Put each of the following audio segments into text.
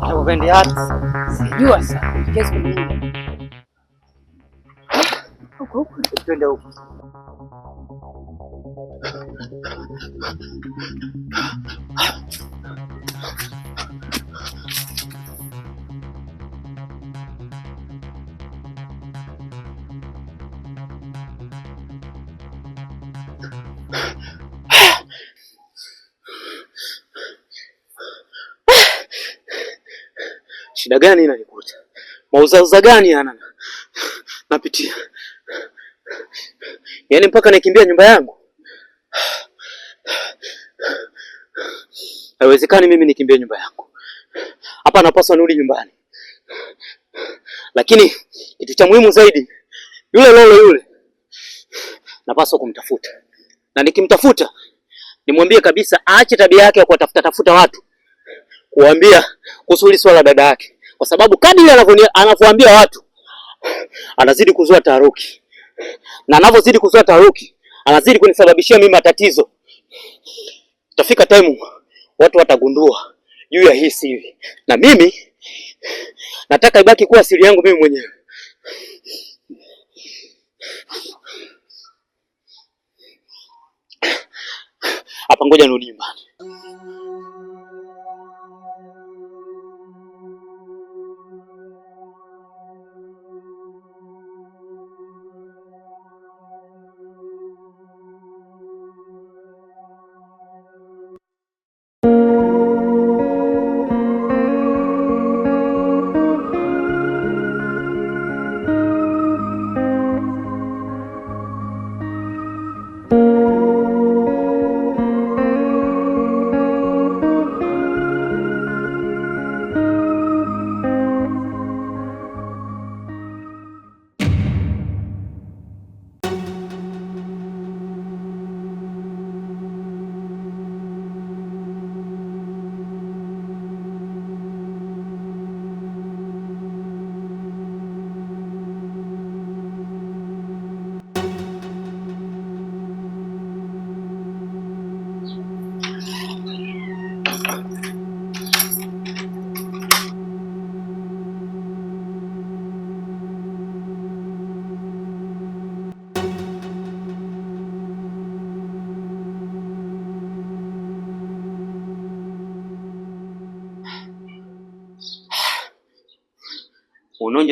Nakupendeaje? Sijua sana. Huko huko twende huko. Shida gani inanikuta? Mauzauza gani yana napitia? Yaani mpaka nikimbia nyumba yangu? Haiwezekani mimi nikimbie nyumba yangu. Hapa napaswa nirudi nyumbani. Lakini kitu cha muhimu zaidi, yule Lolo yule napaswa kumtafuta, na nikimtafuta nimwambie kabisa aache tabia yake ya kuwatafuta tafuta watu kuambia kuhusu hili swala dada yake, kwa sababu kadri anavyoambia watu anazidi kuzua taharuki, na anavyozidi kuzua taharuki anazidi kunisababishia mimi matatizo. Tafika time watu watagundua juu ya hii siri, na mimi nataka ibaki kuwa siri yangu mimi mwenyewe. Hapa ngoja nirudi nyumbani.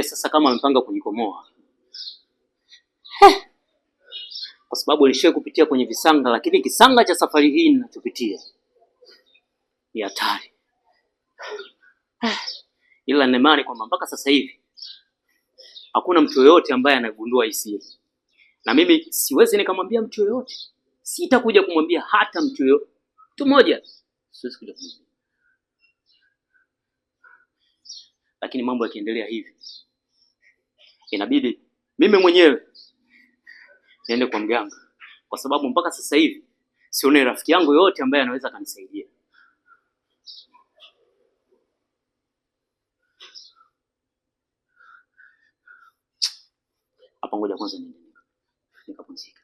kuniambia sasa kama amepanga kunikomoa kwa sababu alishia kupitia kwenye visanga, lakini kisanga cha safari hii ninachopitia ni hatari ila nemani kwamba mpaka sasa hivi hakuna mtu yoyote ambaye anagundua hii siri, na mimi siwezi nikamwambia mtu yoyote, sitakuja kumwambia hata mtu yoyote, mtu mmoja siwezi kuja kumwambia. Lakini mambo yakiendelea hivi inabidi mimi mwenyewe niende kwa mganga, kwa sababu mpaka sasa hivi sione rafiki yangu yoyote ambaye anaweza akanisaidia. Hapa ngoja kwanza nikapumzika.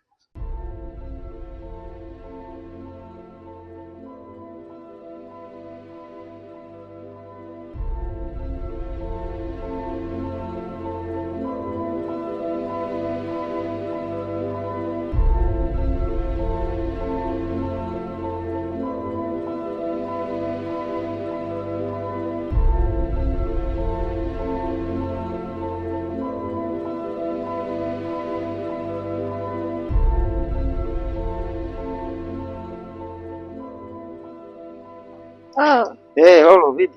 Oh. Hey, eh, holo vipi?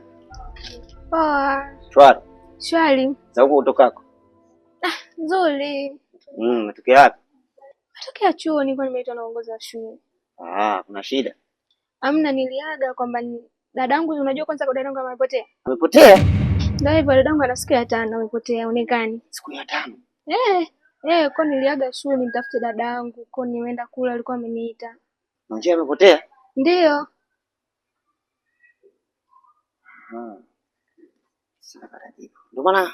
Poa. Oh. Shwari. Shwari. Za huko utokako? Ah, nzuri. Mm, matokeo yapi? Matokeo ya chuo, nilikuwa nimeitwa na uongozi wa shule. Ah, kuna shida? Amna, niliaga kwamba dadangu, unajua kwanza kwa dadangu amepotea. Amepotea? Ndio hivyo, dadangu ana siku ya tano amepotea, onekani. Siku ya tano? Eh, hey, eh, hey, kwa niliaga shule nitafute dadangu, kwa nimeenda kula alikuwa ameniita. Na amepotea? Ndio. Aha. Hmm. Sasa Ndio maana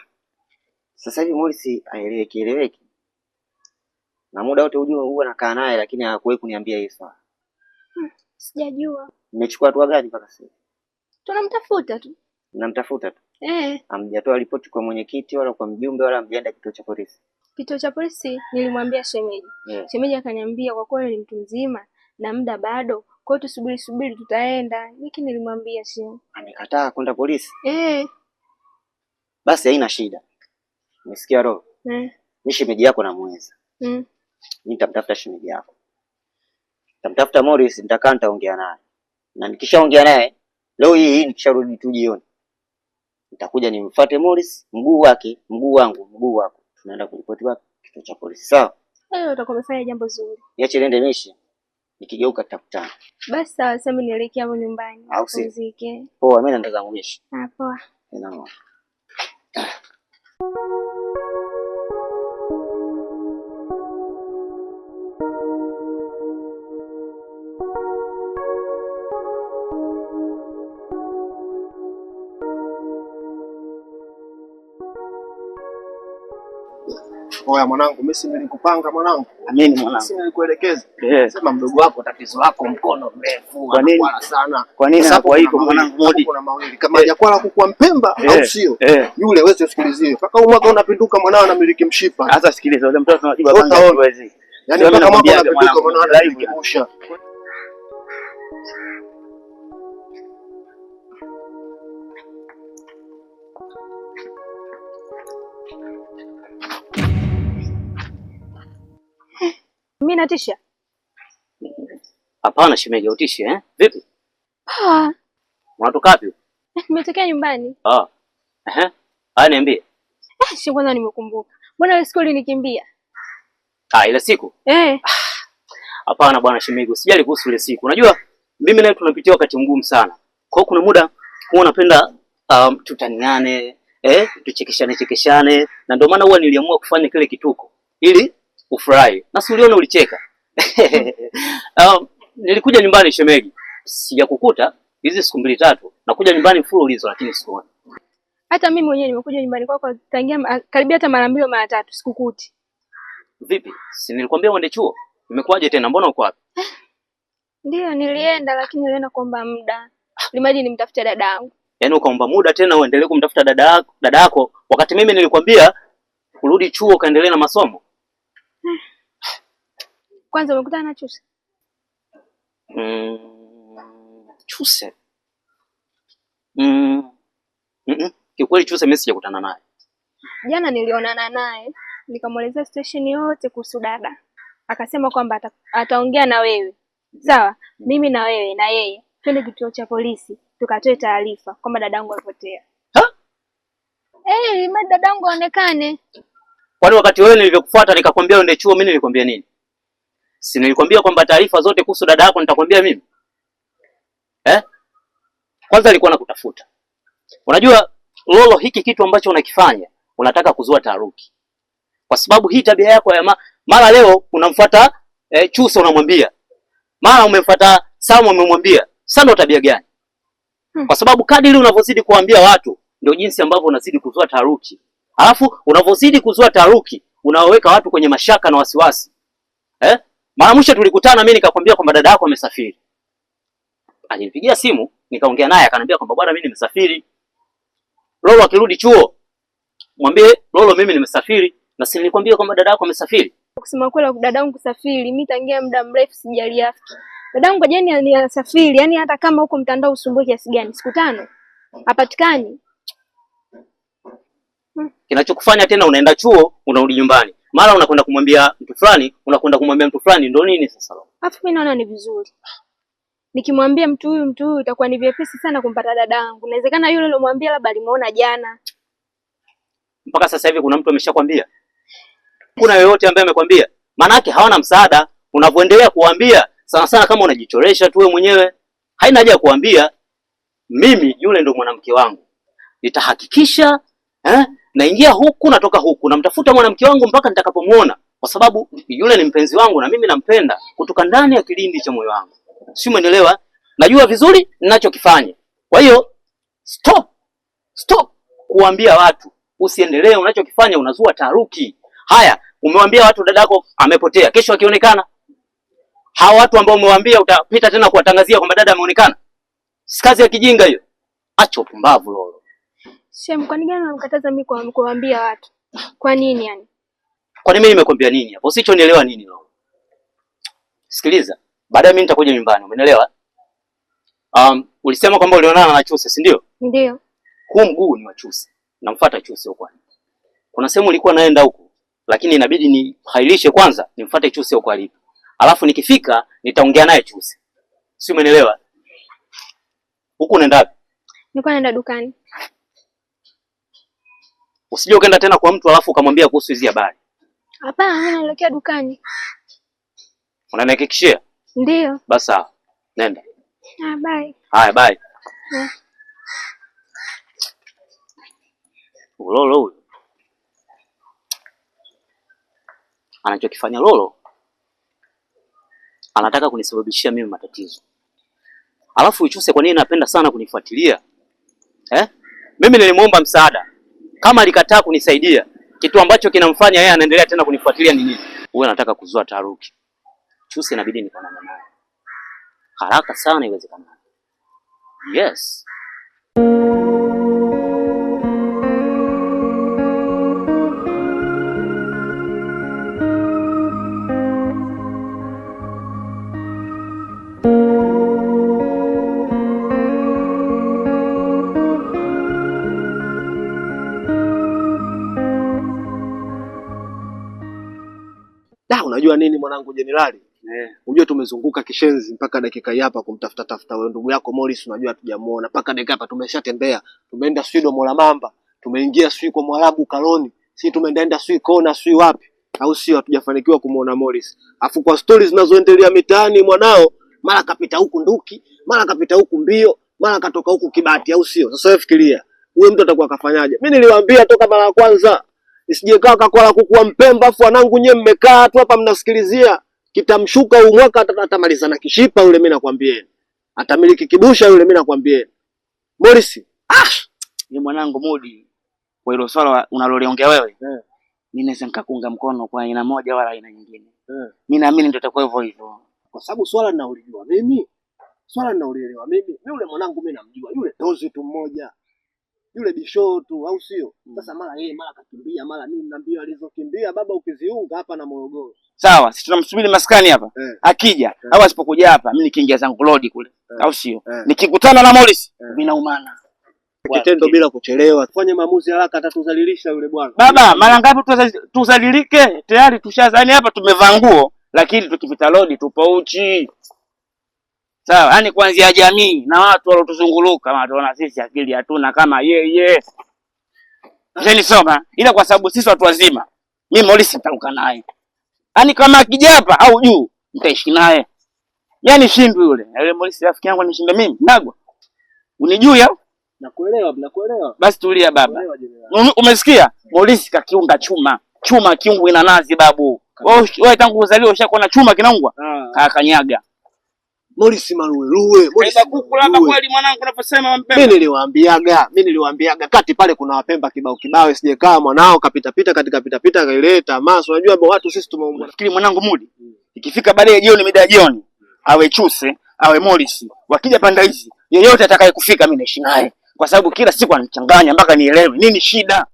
sasa hivi Morris aeleweki eleweki. Na muda wote ujue huwa nakaa naye lakini hakuwahi kuniambia hili swala. Hmm, sijajua. Nimechukua hatua gani mpaka sasa? Tunamtafuta tu. Namtafuta tu. Eh. Hamjatoa ripoti kwa mwenyekiti wala kwa mjumbe wala mjenda kituo cha polisi. Kituo cha polisi nilimwambia shemeji. Yeah. Shemeji akaniambia kwa kweli ni mtu mzima na muda bado kwa hiyo tusubiri subiri, tutaenda. Niki nilimwambia sio, amekataa kwenda polisi eh. Basi haina shida, umesikia roho eh. Mimi shemeji yako namuweza mm. Mimi nitamtafuta shemeji yako, nitamtafuta Morris, nitakaa nitaongea naye, na nikishaongea naye leo hii hii, nikisharudi tu jioni nitakuja nimfuate Morris, mguu wake mguu wangu mguu wako, tunaenda kuripoti wapi? Kituo cha polisi. Sawa, utakuwa umefanya jambo zuri. Niache niende mishi nikigeuka tutakutana. Basi sawa, sasa nielekea hapo nyumbani. Au Poa, mimi naenda zangu kesho. Ah, poa. Poa. oya mwanangu, mimi si nilikupanga mwanangu, amini mwanangu, si nilikuelekeza. Yeah. Sema mdogo wako tatizo lako mkono mrefu, kwa nini sana, kwa nini hapo haiko mwanangu? Modi kuna mawili kama yeah. Yakwala kukuwa mpemba, yeah. au eh. sio? Yeah. Yule wewe usikilizie, Paka huu mwaka unapinduka, mwanao na miliki mshipa. Sasa sikiliza, yule mtoto anajibu baba, hatuwezi Yaani mpaka mwaka unapinduka, mwanao na miliki mshipa. Mimi natisha? Hapana shemeji, utishi eh? Vipi? Ah. Unatoka wapi? Nimetokea nyumbani. Ah. Eh? Haya niambie. Eh, si kwanza nimekumbuka. Mbona wewe siku ulinikimbia? Ah, ile siku? Eh. Ah. Hapana bwana shemeji, usijali kuhusu ile siku. Unajua mimi na nawe tunapitia wakati mgumu sana. Kwa hiyo kuna muda huwa napenda um, tutaniane, eh, tuchekeshane chekeshane na ndio maana huwa niliamua kufanya kile kituko ili ufurahi na si uliona ulicheka. Um, nilikuja nyumbani shemeji, sijakukuta hizi siku mbili tatu, nakuja nyumbani mfululizo lakini sikuona. Hata mimi mwenyewe nimekuja nyumbani kwako tangia karibia hata mara mbili mara tatu, sikukuti. Vipi, si nilikwambia uende chuo? Imekuwaje tena, mbona uko wapi? Ndio nilienda lakini nilienda kuomba muda, limaji nimtafute dada yangu. Yaani ukaomba muda tena uendelee kumtafuta dada yako, dada yako, wakati mimi nilikwambia kurudi chuo ukaendelee na masomo. Kwanza umekutana na Chuse? Mm, Chuse mm. Mm -mm. Kiukweli Chuse mimi sijakutana naye. Jana nilionana naye nikamwelezea station yote kuhusu dada, akasema kwamba ataongea na wewe sawa, mimi na wewe na yeye twende kituo cha polisi tukatoe taarifa kwamba dadangu amepotea. Eh, hey, mimi dadangu aonekane. Kwani wakati wewe nilivyokufuata nikakwambia uende chuo, mimi nilikwambia nini? Si nilikwambia kwamba taarifa zote kuhusu dada yako nitakwambia mimi eh? Kwanza alikuwa anakutafuta. Unajua Lolo, hiki kitu ambacho unakifanya unataka kuzua taharuki, kwa sababu hii tabia yako ya ma, mara leo unamfuata eh, Chusa unamwambia, mara umemfuata Samu umemwambia. Sasa tabia gani? Hmm. Kwa sababu kadiri unavyozidi kuambia watu ndio jinsi ambavyo unazidi kuzua taharuki. Alafu unavozidi kuzua taharuki, unawaweka watu kwenye mashaka na wasiwasi eh? Mara mwisho tulikutana, mimi nikakwambia kwamba dada yako amesafiri. Alinipigia simu nikaongea naye, akaniambia kwamba bwana, mimi nimesafiri. Lolo akirudi chuo mwambie Lolo mimi nimesafiri, na si nilikwambia kwamba dada yako amesafiri. Kusema kweli, dada yangu kusafiri, mimi tangia muda mrefu sijali afiki dada yangu, jeni anasafiri. Yani hata kama huko mtandao usumbue kiasi gani, siku tano hapatikani Kinachokufanya tena unaenda chuo, unarudi nyumbani, mara unakwenda kumwambia mtu fulani, unakwenda kumwambia mtu fulani, ndo nini sasa? Alafu mimi naona ni vizuri nikimwambia mtu huyu mtu huyu, itakuwa ni vyepesi sana kumpata dadangu. Inawezekana yule alomwambia labda alimuona jana. Mpaka sasa hivi kuna mtu ameshakwambia? Kuna yoyote ambaye amekwambia? Maanake hawana msaada. Unavyoendelea kuambia sana sana, kama unajichoresha tu wewe mwenyewe, haina haja ya kuambia. Mimi yule ndo mwanamke wangu, nitahakikisha eh? naingia huku natoka huku, namtafuta mwanamke wangu mpaka nitakapomuona, kwa sababu yule ni mpenzi wangu na mimi nampenda kutoka ndani ya kilindi cha moyo wangu. Si umeelewa? Najua vizuri ninachokifanya. Kwa hiyo stop, stop kuambia watu usiendelee unachokifanya, unazua taharuki. Haya, umewambia watu dadako amepotea, kesho akionekana, hawa watu ambao umewambia utapita tena kuwatangazia kwamba dada ameonekana. Si kazi ya kijinga hiyo, acha upumbavu lolo. Shem, kwa nini gani unamkataza mimi kwa kuambia watu? Kwa nini yani? Kwa nini mimi nimekwambia nini hapo? Usichonielewa nini leo? Sikiliza, baadaye mimi nitakuja nyumbani, umeelewa? Um, ulisema kwamba ulionana na Chuse, si ndio? Ndio. Huu mguu ni wa Chuse. Namfuata Chuse huko. Kuna sehemu ulikuwa naenda huko, lakini inabidi ni hailishe kwanza, nimfuate Chuse huko alipo. Alafu nikifika nitaongea naye Chuse. Si umeelewa? Huko unaenda wapi? Nilikuwa naenda dukani. Usije ukaenda tena kwa mtu alafu ukamwambia kuhusu hizi habari. Hapana, naelekea dukani. Unanihakikishia? Ndio. Basi sawa. Nenda. Ah, bye. Haya, bye. Ah. Lolo Ulolo huyo. Anachokifanya Lolo anataka kunisababishia mimi matatizo, alafu Ichuse kwa nini anapenda sana kunifuatilia eh? Mimi nilimwomba msaada kama alikataa kunisaidia, kitu ambacho kinamfanya yeye anaendelea tena kunifuatilia ni nini? Wewe unataka kuzua taharuki. Chusi inabidi nikonane naye haraka sana iwezekanavyo. Yes. jenerali yeah. Unajua tumezunguka kishenzi mpaka dakika hii hapa kumtafuta tafuta wewe ndugu yako Morris, unajua hatujamuona mpaka dakika hapa. Tumeshatembea, tumeenda sio Domo la Mamba, tumeingia sio kwa Mwarabu Kaloni, sisi tumeendaenda sio kona sio wapi, au sio? Hatujafanikiwa kumuona Morris, afu kwa stories zinazoendelea mitaani mwanao mara kapita huku Nduki, mara kapita huku Mbio, mara katoka huku Kibati, au sio? Sasa wewe fikiria huyo mtu atakuwa kafanyaje? Mimi niliwaambia toka mara ya kwanza, isijekaa kakwala kukuwa Mpemba, afu wanangu nyewe mmekaa tu hapa mnasikilizia kitamshuka huu mwaka atamaliza na kishipa yule, mimi nakwambieni, atamiliki kibusha yule, mimi nakwambieni. Morris, ah, ni mwanangu Mudi, kwa hilo swala unaloliongea wewe yeah. Mimi naweza nikakunga mkono kwa aina moja wala aina nyingine yeah. Mimi naamini ndio itakuwa hivyo hivyo, kwa sababu swala ninaulijua mimi, swala ninaulielewa mimi, mimi yule mwanangu mimi namjua yule tozi tu mmoja yule bishotu au sio? Mm. Sasa mara yeye mara akakimbia mara mimi nambia alizokimbia baba, ukiziunga hapa na Morogoro. Sawa, sisi tunamsubiri maskani hapa eh. Akija eh. au asipokuja hapa mimi nikiingia zangu lodi kule eh. au sio eh. nikikutana na Morris eh. vinaumana kitendo bila kuchelewa, fanye maamuzi haraka, atatuzalilisha yule bwana. Baba, mara ngapi tuzalilike? Tayari tushazani hapa, tumevaa nguo, lakini tukipita lodi tupauchi Sawa, yani kuanzia jamii na watu walotuzunguluka, watu wana sisi akili hatuna kama yeye yeah, yeah. Nisoma ila kwa sababu sisi watu wazima, mimi Morisi nitaruka naye, yani kama akijapa au juu nitaishi naye, yaani shindwi yule yule Morisi rafiki yangu nishinda mimi nagwa, unijua? Nakuelewa, nakuelewa. Basi tulia baba, umesikia? Morisi kakiunga chuma chuma, kiungu ina nazi babu. Wewe tangu uzaliwa ushakuwa na chuma kinaungwa, ah. kakanyaga Morris Maruwe. Morris kukulaka Mimi niliwaambiaga, mimi niliwaambiaga kati pale kuna wapemba kibao kibao, sijekaa mwanao kapita pita katika pita pita kaileta maso. Unajua ambao watu sisi tumeumwa. Nafikiri mwanangu mudi. Ikifika baada ya jioni mida ya jioni, awe Chuse, awe Morris, wakija panda hizi, yeyote atakaye kufika mimi naishi naye. Kwa sababu kila siku anachanganya mpaka nielewe nini shida.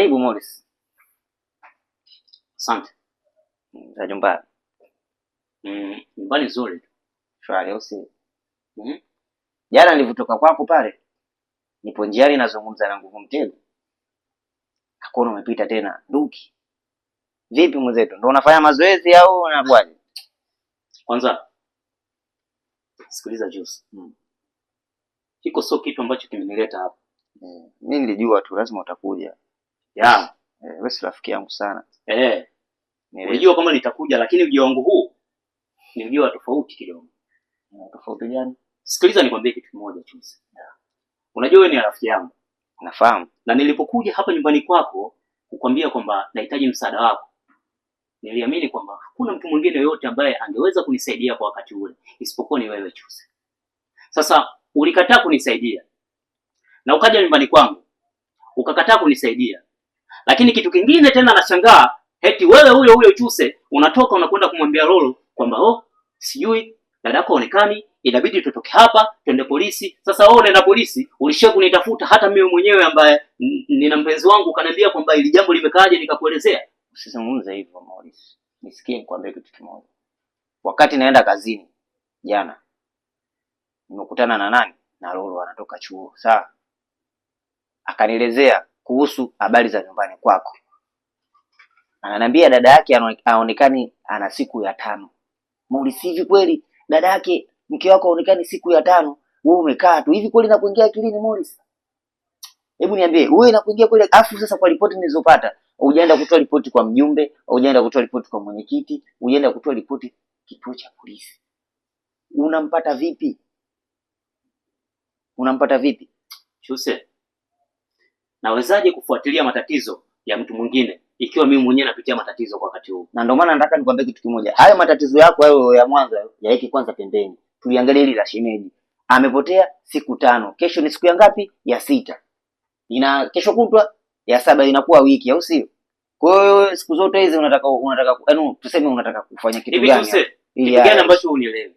Karibu Morris. Asante. Za nyumbani. Mm, nyumbani nzuri. Shwari au si? Mm-hmm. Jana nilivyotoka kwako pale, nipo njiani nazungumza na nguvu mtego. Hakuna umepita tena Duki. Vipi mwenzetu? Ndio unafanya mazoezi au unakwaje? Kwanza sikiliza Juice. Hmm. Hiko sio kitu ambacho kimenileta hapa. Mm. Mimi nilijua tu lazima utakuja ya yeah. Eh, wewe si rafiki yangu sana eh. Unajua kama nitakuja, lakini ujio wangu huu ni ujio tofauti kidogo. Na eh, Tofauti gani? Sikiliza nikwambie kitu kimoja tu. Yeah. Unajua wewe ni rafiki yangu, nafahamu, na nilipokuja hapa nyumbani kwako kukwambia kwamba nahitaji msaada wako, niliamini kwamba hakuna mtu mwingine yoyote ambaye angeweza kunisaidia kwa wakati ule isipokuwa ni wewe Chuse. Sasa ulikataa kunisaidia na ukaja nyumbani kwangu ukakataa kunisaidia lakini kitu kingine tena nashangaa, eti wewe ule ule Uchuse unatoka unakwenda kumwambia Lolo kwamba oh, sijui dadako onekani, inabidi tutoke hapa twende polisi. Sasa wewe unaenda polisi, ulishia kunitafuta hata mimi mwenyewe ambaye nina mpenzi wangu, ukaniambia kwamba ili jambo limekaaje, nikakuelezea. Usizungumze hivyo Maurice, nisikie nikwambie kitu kimoja. Wakati naenda kazini jana, nimekutana na nani na Lolo anatoka chuo, sawa, akanielezea kuhusu habari za nyumbani kwako. Ananiambia dada yake haonekani ana siku ya tano. Muulizi, hivi kweli dada yake mke wako haonekani siku ya tano? Wewe umekaa tu hivi, kweli nakuingia akilini Morris? Hebu niambie wewe, nakuingia kweli? Afu sasa, kwa ripoti nilizopata, hujaenda kutoa ripoti kwa mjumbe, hujaenda kutoa ripoti kwa mwenyekiti, hujaenda kutoa ripoti kituo cha polisi. Unampata vipi? Unampata vipi? Chuse nawezaje kufuatilia matatizo ya mtu mwingine ikiwa mimi mwenyewe napitia matatizo kwa wakati huu? Na ndio maana nataka nikwambie kitu kimoja, hayo matatizo yako hayo ya mwanzo yaweke kwanza pembeni, tuliangalia hili la shemeji. Amepotea siku tano, kesho ni siku ya ngapi? Ya sita, ina kesho kutwa ya saba, inakuwa wiki, au sio? Kwa hiyo siku zote hizi unataka unataka yaani, tuseme unataka kufanya kitu gani? Kitu gani ambacho unielewe?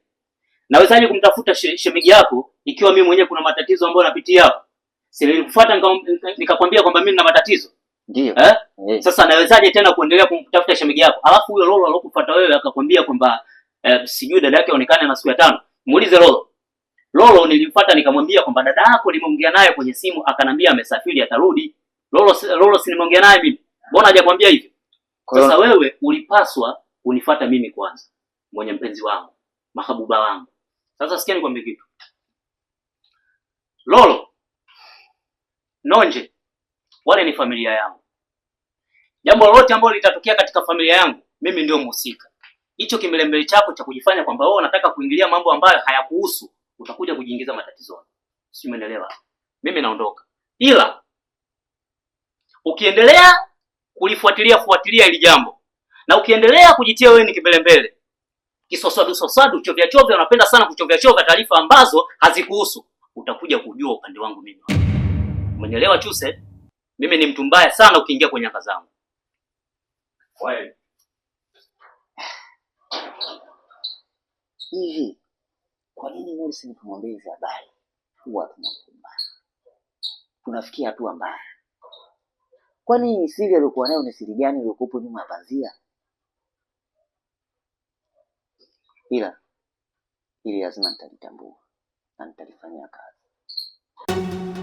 Nawezaje kumtafuta shemeji yako ikiwa mimi mwenyewe kuna matatizo ambayo napitia si nilikufuata nikakwambia kwamba mimi nina matatizo ndio eh? Sasa nawezaje tena kuendelea kumtafuta shemeji yako, alafu huyo Lolo alokufuata wewe akakwambia kwamba eh, sijui dada yake aonekane na siku ya tano. Muulize Lolo. Lolo nilimfuata nikamwambia kwamba dada yako nimeongea naye kwenye simu akanambia amesafiri atarudi. Lolo, Lolo si nimeongea naye mimi, mbona hajakwambia hivyo? Sasa wewe ulipaswa unifuata mimi kwanza, mwenye mpenzi wangu, mahabuba wangu. Sasa sikia nikwambie kitu Lolo Nonje, wale ni familia yangu. Jambo lolote ambalo litatokea katika familia yangu, mimi ndio mhusika. Hicho kimbelembele chako cha kujifanya kwamba wewe unataka kuingilia mambo ambayo hayakuhusu, utakuja kujiingiza matatizoni. Sio, umeelewa? Mimi naondoka, ila ukiendelea kulifuatilia fuatilia hili jambo na ukiendelea kujitia wewe ni kimbelembele kisoswadu soswadu chovya chovya, unapenda sana kuchovya chovya taarifa ambazo hazikuhusu, utakuja kujua upande wangu mimi. Umenielewa Chuse? Mimi ni mtu mbaya sana ukiingia kwenye anga zangu. Hivi kwa nini Morris nipomwambia hizi habari huwa tunakumbana, tunafikia hatua mbaya? Kwani siri aliyokuwa nayo ni siri gani iliyokuwepo nyuma ya pazia? Ila ili lazima nitalitambua na nitalifanyia kazi.